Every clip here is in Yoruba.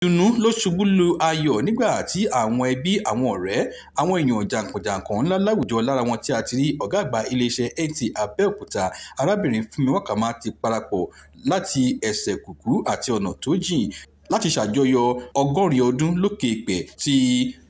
ìdùnnú ló ṣubú lu ayọ̀ nígbà tí àwọn ẹbí àwọn ọ̀rẹ́ àwọn èèyàn jàǹkànjàǹkàn ńlá láwùjọ lára wọn tí a ti rí ọ̀gá àgbà iléeṣẹ́ at abẹ́òkúta arábìnrin fúnmi wákàmá ti parapọ̀ láti ẹsẹ̀ kùkú àti ọ̀nà tó jìn láti ṣàjọyọ̀ ọgọ́rin ọdún lókè èpẹ̀ tí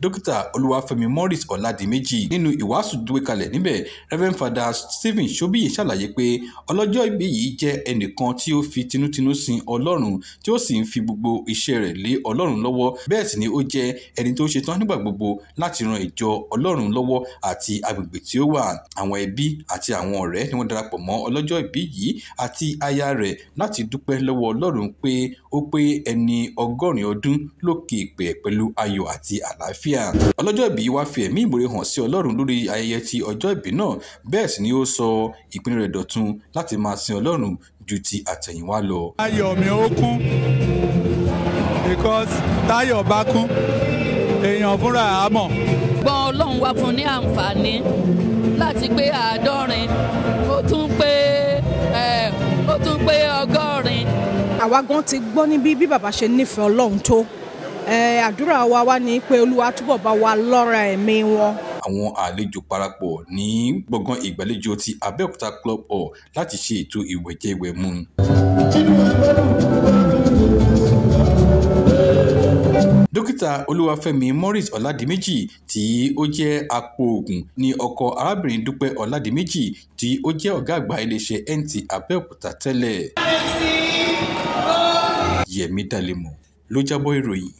dókítà olúwafẹ́mi morris ọládìméjì nínú ìwàásù gbékalẹ̀ níbẹ̀ reverend father stephen sobiyi ṣàlàyé pé ọlọ́jọ́ ìbí yìí jẹ́ ẹnìkan tí ó fi tinútinú sin ọlọ́run tí ó sì ń fi gbogbo iṣẹ́ rẹ̀ lé ọlọ́run lọ́wọ́ bẹ́ẹ̀ sì ni ó jẹ́ ẹni tó ṣetán nígbà gbogbo láti ran ìjọ ọlọ́run lọ́wọ́ àti agbègbè tí ó wà àwọn ẹbí àti àwọn ọ̀rẹ́ ni wọ́n darapọ̀ mọ́ ọlọ́jọ́ ìbí yìí àti aya rẹ̀ láti dúpẹ́ lọ́wọ́ ọlọ́run pé ó pé ẹni ọgọ́rin ọdún lókè ìpẹ́ pẹ̀lú ayọ̀ àti àlàáfíà. ọlọ́jọ́ ìbí wá fi ẹ̀mí ìmoore hàn sí ọlọ́run lórí ayẹyẹ ti ọjọ́ ìbí náà bẹ́ẹ̀ sì ni ó sọ ìpinnu rẹ̀ dọ̀tun láti máa sin ọlọ́run ju ti àtẹ̀yìnwá lọ. ayọ̀ mi ó kún because táyọ̀ bá kún èèyàn fúnra àmọ́. gbọ́n ọlọ́run wá fún ní àǹfààní láti pé àádọ́rin. àwa gan ti gbọ́ níbi bí bàbá ṣe nífẹ̀ẹ́ ọlọ́run tó àdúrà wa wá ní pé olúwa túbọ̀ bá wa lọ́ra ẹ̀mí wọn. àwọn àlejò parapọ̀ ní gbọ̀ngàn ìgbàlejò ti Abẹ́òkúta Club Hall láti ṣe ètò ìwẹ̀jẹ̀wẹ̀mu. peter olúwàfẹ̀mí morris ọládìmẹ́jì tí ó jẹ́ apòògùn ní ọkọ arábìnrin dúpẹ́ ọládìmẹ́jì tí ó jẹ́ ọ̀gá àgbà iléeṣẹ́ nt abẹ́òkúta tẹ́lẹ̀ yẹmi dalemo ló jábọ̀ ìròyìn